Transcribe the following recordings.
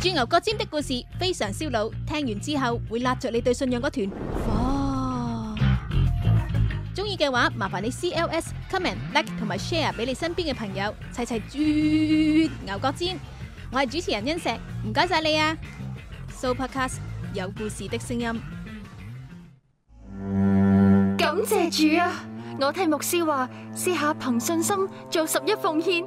鑽牛角尖的故事非常燒腦，聽完之後會撻著你對信仰嗰團火。中意嘅話，麻煩你 C L S comment like 同埋 share 俾你身邊嘅朋友，齊齊鑽牛角尖。我係主持人恩石，唔該晒你啊！Sooopodcast 有故事的聲音，感謝主啊！我聽牧師話，試下憑信心做十一奉獻。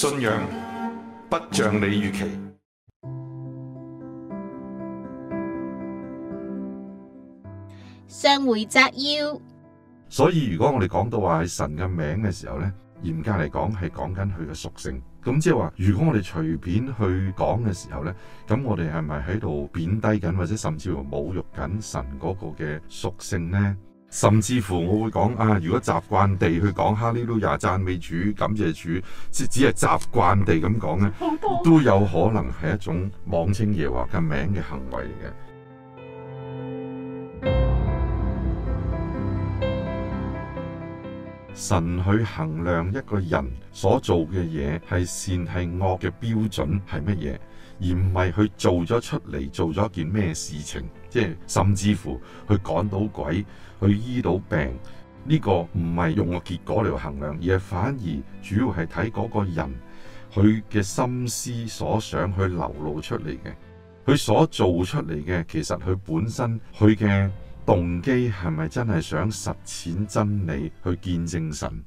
信仰不像你預期。上回摘要。所以如果我哋講到話係神嘅名嘅時候呢，嚴格嚟講係講緊佢嘅屬性。咁即係話，如果我哋隨便去講嘅時候呢，咁我哋係咪喺度貶低緊，或者甚至乎侮辱緊神嗰個嘅屬性呢？甚至乎我會講啊，如果習慣地去講哈利路亞讚美主、感謝主，即只係習慣地咁講咧，多都有可能係一種妄稱耶華嘅名嘅行為嚟嘅。神去衡量一個人所做嘅嘢係善係惡嘅標準係乜嘢？而唔係佢做咗出嚟做咗件咩事情，即係甚至乎去趕到鬼、去醫到病，呢個唔係用個結果嚟衡量，而係反而主要係睇嗰個人佢嘅心思所想去流露出嚟嘅，佢所做出嚟嘅，其實佢本身佢嘅動機係咪真係想實踐真理去見證神？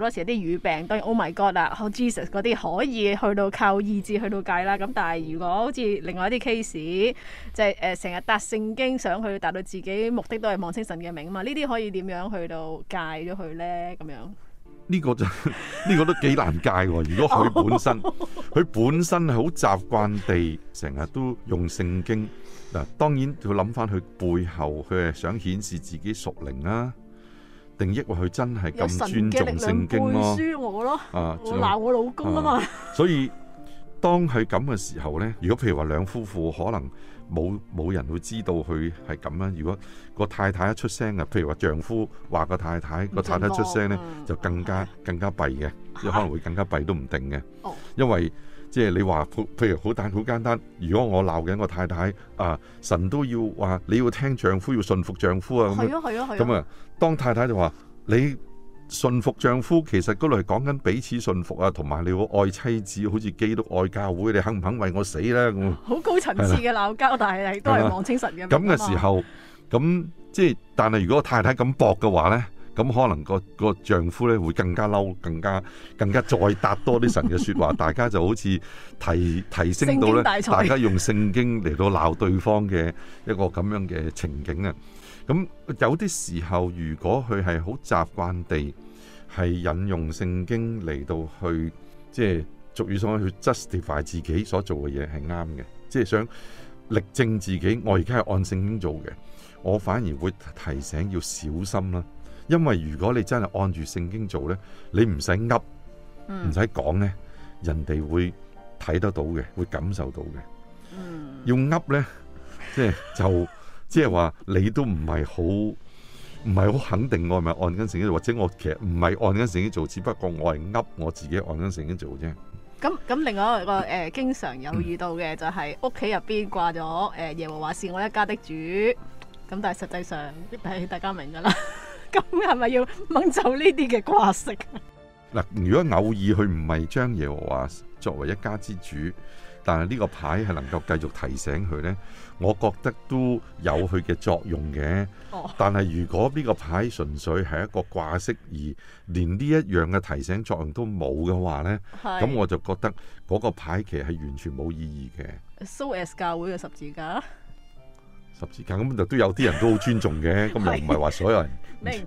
好多時啲語病，當然 Oh my God 啦，好 Jesus 嗰啲可以去到靠意志去到戒啦。咁但係如果好似另外一啲 case，即係誒成日撻聖經想去達到自己目的，都係妄稱神嘅名啊嘛。呢啲可以點樣去到戒咗佢咧？咁樣呢個就呢個都幾難戒喎。如果佢本身佢本身係好習慣地成日都用聖經嗱，當然要諗翻佢背後佢係想顯示自己屬靈啦。定抑或佢真係咁尊重聖經咯，我啊鬧我，我老公嘛啊嘛，所以、啊、 當佢咁嘅時候咧，如果譬如話兩夫婦可能冇冇人會知道佢係咁啊，如果個太太一出聲啊，譬如話丈夫話個太太個太太出聲咧，太太那個、太太聲就更加更加弊嘅，即可能會更加弊都唔定嘅，因為。即係你話，譬如好簡單，如果我鬧緊我太太，啊，神都要話你要聽丈夫，要順服丈夫啊。係咁、哦、啊，啊，啊，當太太就話你順服丈夫，其實嗰度係講緊彼此順服啊，同埋你要愛妻子，好似基督愛教會，你肯唔肯為我死咧？咁好高層次嘅鬧交，啊、但係都係望清神嘅。咁嘅時候，咁即係，但係如果個太太咁駁嘅話咧？咁可能個個丈夫咧會更加嬲，更加更加再答多啲神嘅説話， 大家就好似提提升到咧，大家用聖經嚟到鬧對方嘅一個咁樣嘅情景啊。咁有啲時候，如果佢係好習慣地係引用聖經嚟到去，即係俗語上去 justify 自己所做嘅嘢係啱嘅，即係想力證自己，我而家係按聖經做嘅，我反而會提醒要小心啦。因為如果你真係按住聖經做咧，你唔使噏，唔使講咧，人哋會睇得到嘅，會感受到嘅。用噏咧，即係就即係話你都唔係好唔係好肯定我係咪按緊聖經做，或者我其實唔係按緊聖經做，只不過我係噏我自己按緊聖經做啫。咁咁另外一個誒，經常有遇到嘅就係屋企入邊掛咗誒，耶和華是我一家的主。咁但係實際上，誒大家明噶啦。咁係咪要掹走呢啲嘅掛飾啊？嗱，如果偶爾佢唔係將耶和華作為一家之主，但係呢個牌係能夠繼續提醒佢呢，我覺得都有佢嘅作用嘅。哦，但係如果呢個牌純粹係一個掛飾而連呢一樣嘅提醒作用都冇嘅話呢，咁是我就覺得嗰個牌其實係完全冇意義嘅。So as 教會嘅十字架。霎時間咁就都有啲人都好尊重嘅，咁又唔係話所有人。 你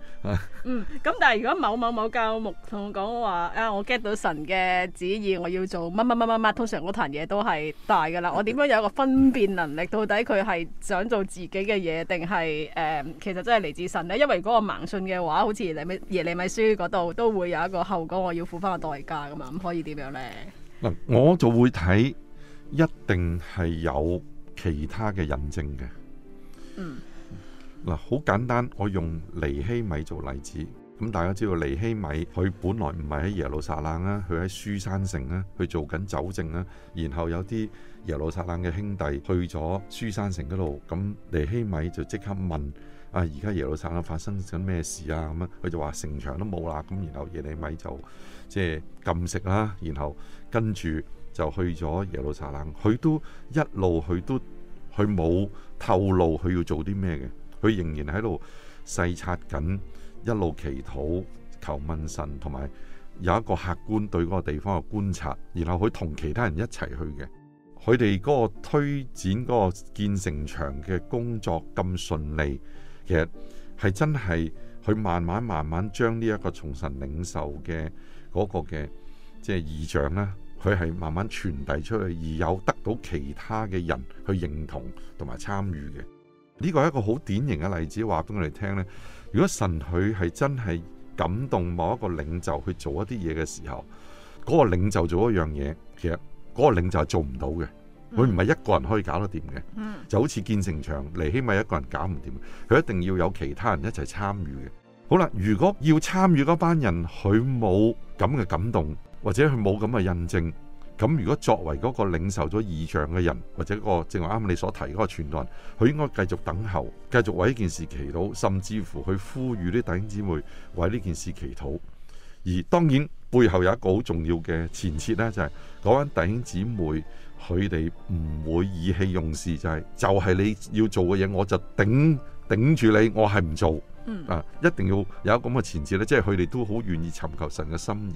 嗯，咁但係如果某某某教牧同我講話啊，我 get 到神嘅旨意，我要做乜乜乜乜乜，通常嗰壇嘢都係大噶啦。我點樣有一個分辨能力，到底佢係想做自己嘅嘢，定係誒其實真係嚟自神咧？因為如果我盲信嘅話，好似《耶米耶利米書》嗰度都會有一個後果，我要付翻個代價噶嘛。咁可以點樣咧？嗱、嗯，我就會睇，一定係有其他嘅印證嘅。嗯，嗱，好簡單，我用尼希米做例子，咁大家知道尼希米佢本來唔係喺耶路撒冷啦，佢喺舒山城啦，去做緊酒政啦，然後有啲耶路撒冷嘅兄弟去咗舒山城嗰度，咁尼希米就即刻問啊，而家耶路撒冷發生緊咩事啊？咁樣，佢就話城牆都冇啦，咁然後耶利米就即係禁食啦，然後跟住就去咗耶路撒冷，佢都一路佢都。佢冇透露佢要做啲咩嘅，佢仍然喺度細察緊，一路祈禱、求問神，同埋有一個客觀對嗰個地方嘅觀察，然後佢同其他人一齊去嘅。佢哋嗰個推展嗰個建城牆嘅工作咁順利，其實係真係佢慢慢慢慢將呢一個從神領受嘅嗰個嘅即係意象啦。佢係慢慢傳遞出去，而有得到其他嘅人去認同同埋參與嘅。呢個係一個好典型嘅例子，話俾我哋聽呢。如果神佢係真係感動某一個領袖去做一啲嘢嘅時候，嗰個領袖做一樣嘢，其實嗰個領袖係做唔到嘅。佢唔係一個人可以搞得掂嘅。就好似建城牆，尼希米一個人搞唔掂，佢一定要有其他人一齊參與嘅。好啦，如果要參與嗰班人，佢冇咁嘅感動。或者佢冇咁嘅印證，咁如果作為嗰個領受咗異象嘅人，或者個正話啱你所提嗰個傳論，佢應該繼續等候，繼續為呢件事祈禱，甚至乎去呼籲啲弟兄姊妹為呢件事祈禱。而當然背後有一個好重要嘅前設呢，就係講緊弟兄姊妹，佢哋唔會意氣用事，就係、是、就係你要做嘅嘢，我就頂頂住你，我係唔做，嗯、啊，一定要有一個咁嘅前設呢，即係佢哋都好願意尋求神嘅心意。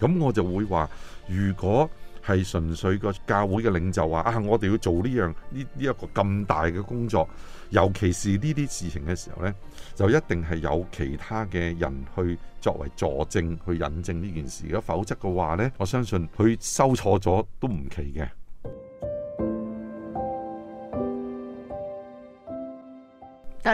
咁我就會話，如果係純粹個教會嘅領袖話啊，我哋要做呢樣呢呢一個咁大嘅工作，尤其是呢啲事情嘅時候呢，就一定係有其他嘅人去作為助證去引證呢件事嘅，否則嘅話呢，我相信佢收錯咗都唔奇嘅。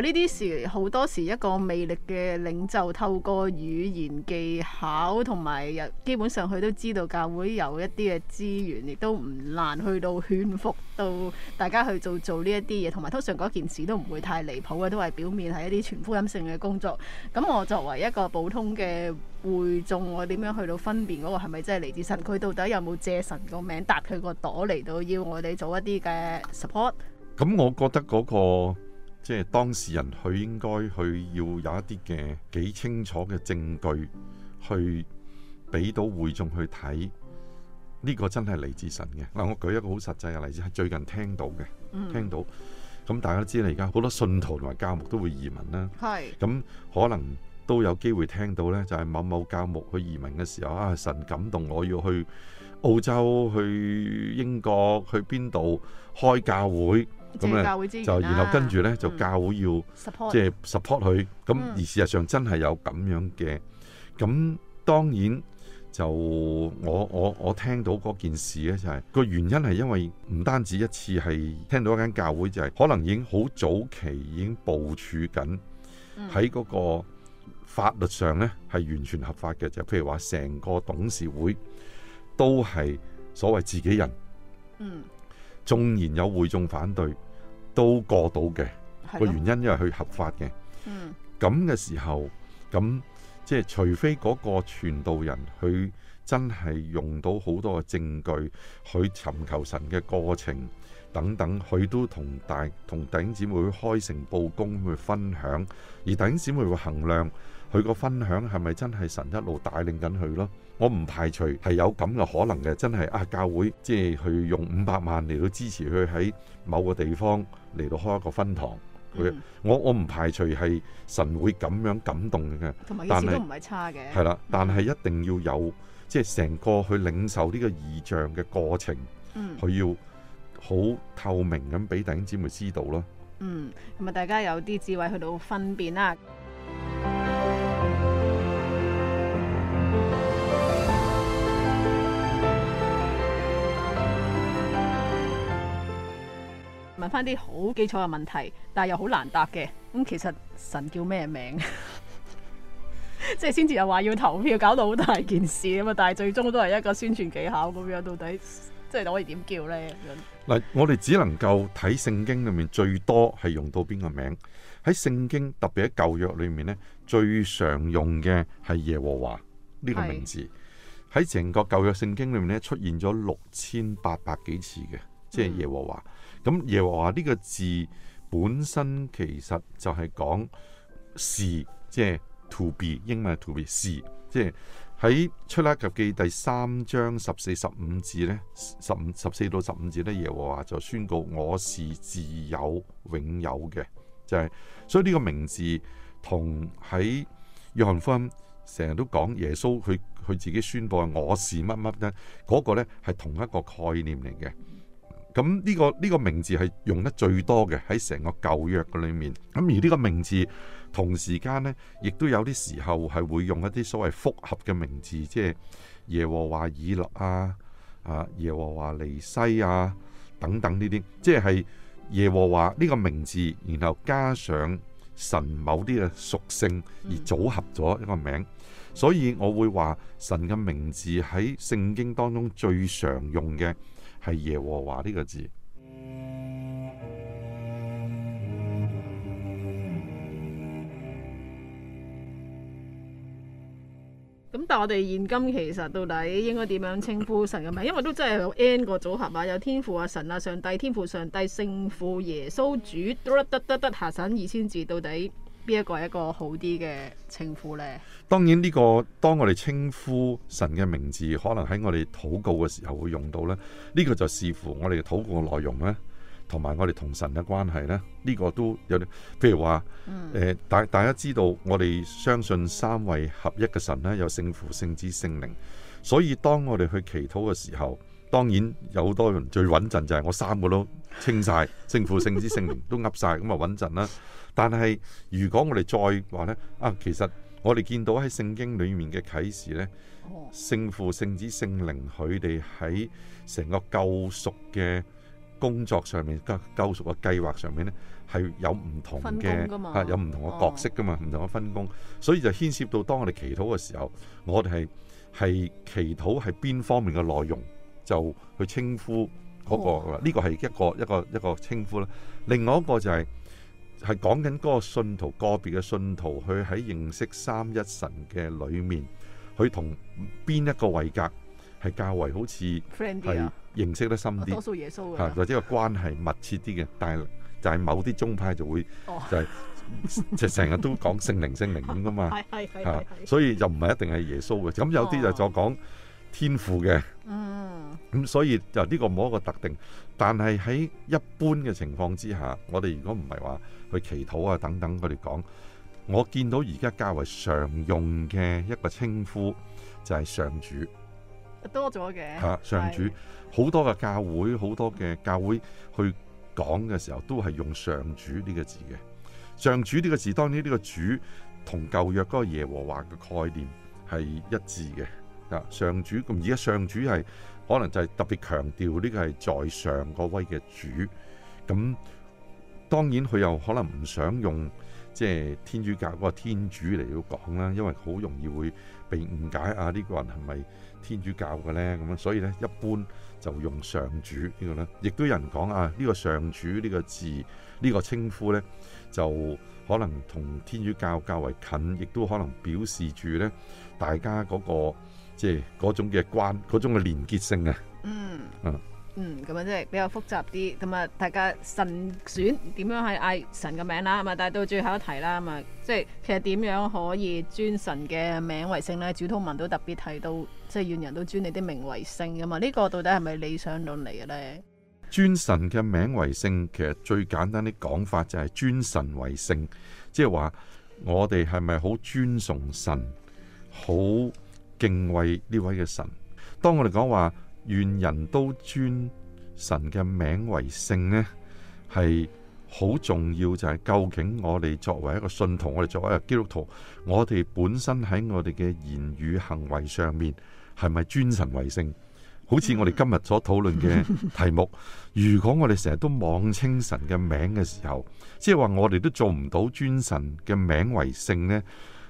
呢啲事好多時，一個魅力嘅領袖透過語言技巧，同埋基本上佢都知道教會有一啲嘅資源，亦都唔難去到勸服到大家去做做呢一啲嘢，同埋通常嗰件事都唔會太離譜嘅，都係表面係一啲全福音性嘅工作。咁我作為一個普通嘅會眾，我點樣去到分辨嗰、那個係咪真係嚟自神？佢到底有冇借神個名搭佢個朵嚟到要我哋做一啲嘅 support？咁我覺得嗰、那個。即係當事人，佢應該佢要有一啲嘅幾清楚嘅證據，去俾到會眾去睇呢、這個真係嚟自神嘅嗱。我舉一個好實際嘅例子，係最近聽到嘅，聽到咁、嗯、大家都知啦。而家好多信徒同埋教牧都會移民啦，咁是可能都有機會聽到呢，就係某某教牧去移民嘅時候啊，神感動我要去澳洲，去英國，去邊度開教會。咁咧就，然，啊、然後跟住咧就教會要、mm, support, 嗯，即係 support 佢。咁而事實上真係有咁樣嘅。咁當然就我我我聽到嗰件事咧，就係個原因係因為唔單止一次係聽到一間教會就係可能已經好早期已經部署緊喺嗰個法律上咧係完全合法嘅，就譬如話成個董事會都係所謂自己人。嗯，縱然有會眾反對。都過到嘅個原因，因為佢合法嘅。咁嘅時候，咁即係除非嗰個傳道人，佢真係用到好多嘅證據，佢尋求神嘅過程等等，佢都同大同弟兄姊妹開誠佈公去分享，而弟兄姊妹會衡量佢個分享係咪真係神一路帶領緊佢咯。我唔排除係有咁嘅可能嘅，真係啊，教會即係去用五百萬嚟到支持佢喺某個地方嚟到開一個分堂。嗯、佢，我我唔排除係神會咁樣感動嘅，同埋意思都唔係差嘅。係啦，但係一定要有、嗯、即係成個去領受呢個異象嘅過程，佢、嗯、要好透明咁俾弟兄姊妹知道咯。嗯，同埋大家有啲智慧去到分辨啦。問翻啲好基礎嘅問題，但係又好難答嘅。咁其實神叫咩名？即 係先至又話要投票，搞到好大件事咁啊！但係最終都係一個宣傳技巧咁樣。到底即係可以點叫呢？嗱，我哋只能夠睇聖經裏面最多係用到邊個名喺聖經，特別喺舊約裏面呢，最常用嘅係耶和華呢個名字。喺成個舊約聖經裏面呢，出現咗六千八百幾次嘅，即係耶和華。嗯咁耶和華呢個字本身其實就係講是，即係 to be 英文係 to be 是，即係喺出埃及記第三章十四十五字呢，十五十四到十五字呢，耶和華就宣告我是自有永有嘅，就係所以呢個名字同喺約翰福音成日都講耶穌佢佢自己宣布我是乜乜呢，嗰個呢係同一個概念嚟嘅。咁呢個呢個名字係用得最多嘅喺成個舊約嘅裏面。咁而呢個名字同時間呢，亦都有啲時候係會用一啲所謂複合嘅名字，即係耶和華以勒啊，啊耶和華尼西啊等等呢啲，即係耶和華呢個名字，然後加上神某啲嘅屬性而組合咗一個名。嗯、所以我會話神嘅名字喺聖經當中最常用嘅。係耶和華呢個字。咁但係我哋現今其實到底應該點樣稱呼神嘅名？因為都真係有 N 個組合啊，有天父啊、神啊、上帝、天父上帝、聖父耶穌主，得得得得，下神二千字到底。邊一個一個好啲嘅稱呼呢？當然呢、呢個當我哋稱呼神嘅名字，可能喺我哋禱告嘅時候會用到呢。呢、呢個就視乎我哋嘅禱告內容咧，同埋我哋同神嘅關係呢。呢、呢個都有，啲，譬如話，大大家知道我哋相信三位合一嘅神呢，有聖父、聖子、聖靈。所以當我哋去祈禱嘅時候，當然有好多人最穩陣就係我三個都清晒，聖父、 聖子、聖靈都噏晒，咁啊穩陣啦。但係，如果我哋再話呢，啊，其實我哋見到喺聖經裏面嘅啟示呢，聖父、聖子、聖靈，佢哋喺成個救贖嘅工作上面、救救贖嘅計劃上面呢，係有唔同嘅，吓有唔同嘅角色噶嘛，唔同嘅分工，所以就牽涉到當我哋祈禱嘅時候，我哋係係祈禱係邊方面嘅內容，就去稱呼嗰個啦。呢個係一個一個一個稱呼啦。另外一個就係。係講緊嗰個信徒，個別嘅信徒，佢喺認識三一神嘅裏面，佢同邊一個位格係較為好似係認識得深啲，多數耶穌或者個關係密切啲嘅。但係就係某啲宗派就會就係、是哦、就成日都講聖靈聖靈咁噶嘛，係係係，所以就唔係一定係耶穌嘅。咁有啲就再講。哦天父嘅，嗯，咁所以就呢個冇一個特定，但係喺一般嘅情況之下，我哋如果唔係話去祈禱啊等等，佢哋講，我見到而家較為常用嘅一個稱呼就係上主，多咗嘅吓上主，好多嘅教會，好多嘅教會去講嘅時候都係用上主呢個字嘅，上主呢個字，當然呢個主同舊約嗰個耶和華嘅概念係一致嘅。嗱，上主咁，而家上主係可能就係特別強調呢個係在上個位嘅主，咁當然佢又可能唔想用即係天主教嗰個天主嚟到講啦，因為好容易會被誤解啊，呢個人係咪天主教嘅咧？咁樣所以咧一般就用上主呢個咧，亦都有人講啊，呢個上主呢個字呢個稱呼咧，就可能同天主教較為近，亦都可能表示住咧大家嗰個。即係嗰種嘅關，嗰種嘅連結性啊、嗯。嗯，嗯，咁啊，即係比較複雜啲。咁啊，大家神選點樣去嗌神嘅名啦？咁啊，但係到最後一題啦，咁啊，即係其實點樣可以尊神嘅名為聖咧？主禱文都特別提到，即係願人都尊你啲名為聖啊嘛。呢、這個到底係咪理想論嚟嘅咧？尊神嘅名為聖，其實最簡單啲講法就係尊神為聖，即係話我哋係咪好尊崇神好？敬畏呢位嘅神，當我哋講話，願人都尊神嘅名為聖，呢係好重要。就係究竟我哋作為一個信徒，我哋作為一個基督徒，我哋本身喺我哋嘅言語行為上面，係咪尊神為聖？好似我哋今日所討論嘅題目，如果我哋成日都妄稱神嘅名嘅時候，即係話我哋都做唔到尊神嘅名為聖，呢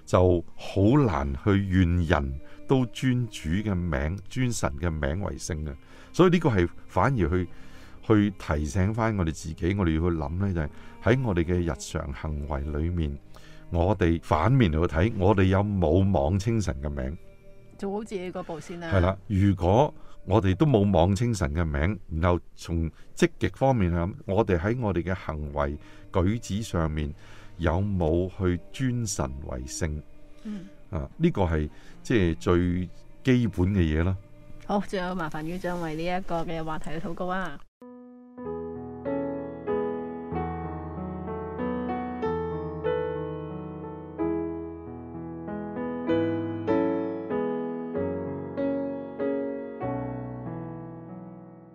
就好難去願人。都尊主嘅名，尊神嘅名為聖嘅，所以呢個係反而去去提醒翻我哋自己，我哋要去諗呢，就係喺我哋嘅日常行為裏面，嗯、我哋反面去睇，我哋有冇妄稱神嘅名？做好自己嗰步先啦。係啦，如果我哋都冇妄稱神嘅名，然後從積極方面去諗，我哋喺我哋嘅行為舉止上面有冇去尊神為聖？嗯。啊！呢個係即係最基本嘅嘢啦。好，仲有麻煩院長為呢一個嘅話題去禱告啊！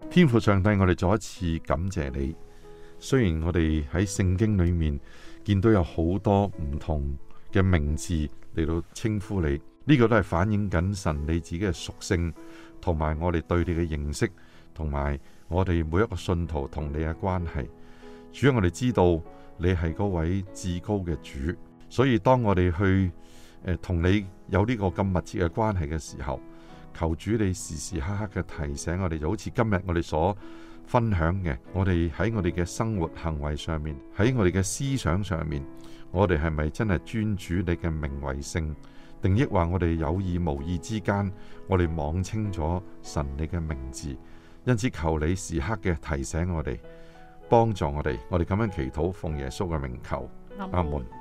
天父上帝，我哋再一次感謝你。雖然我哋喺聖經裏面見到有好多唔同嘅名字。嚟到稱呼你，呢、這個都係反映緊神你自己嘅屬性，同埋我哋對你嘅認識，同埋我哋每一個信徒同你嘅關係。主，我哋知道你係嗰位至高嘅主，所以當我哋去誒、呃、同你有呢個咁密切嘅關係嘅時候，求主你時時刻刻嘅提醒我哋，就好似今日我哋所分享嘅，我哋喺我哋嘅生活行為上面，喺我哋嘅思想上面。我哋係咪真係尊主你嘅名為聖？定抑話我哋有意無意之間，我哋妄稱咗神你嘅名字，因此求你時刻嘅提醒我哋，幫助我哋，我哋咁樣祈禱奉耶穌嘅名求阿門。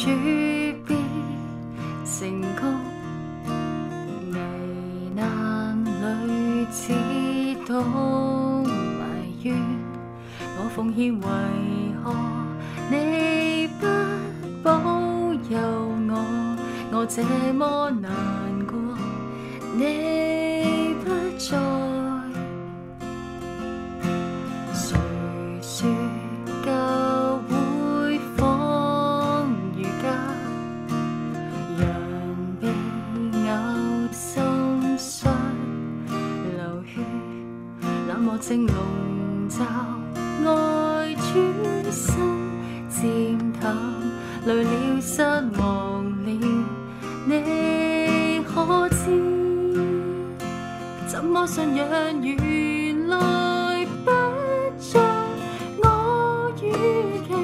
主必成功，危難裏只懂埋怨。我奉獻為何你不保佑我？我這麼難？正籠罩愛轉身，漸透累了失望了。你可知？怎麼信仰原來不像我預期，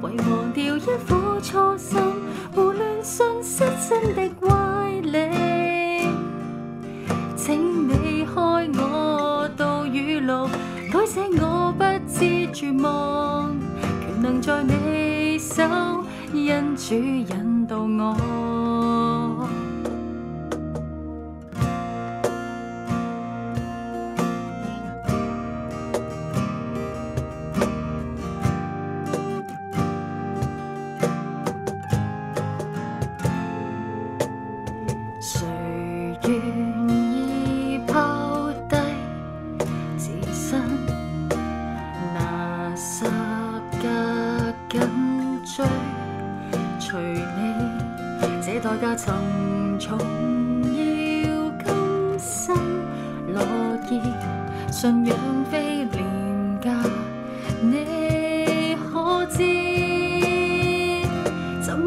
為忘掉一顆初心，胡亂信失心的。權能在你手，因主引導我。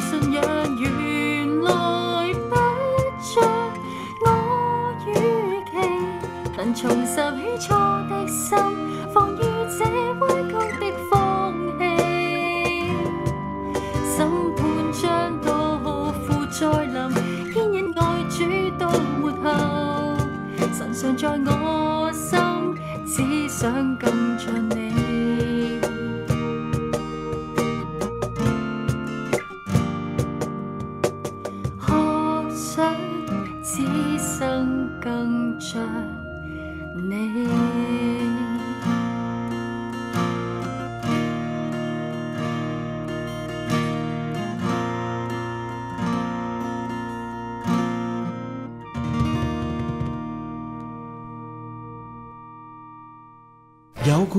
信仰原來不像我預期，能重拾起初的心，防的放於這歪曲的風氣。審判將到，負再臨，牽引愛主到末後，神常在我心，只想更像你。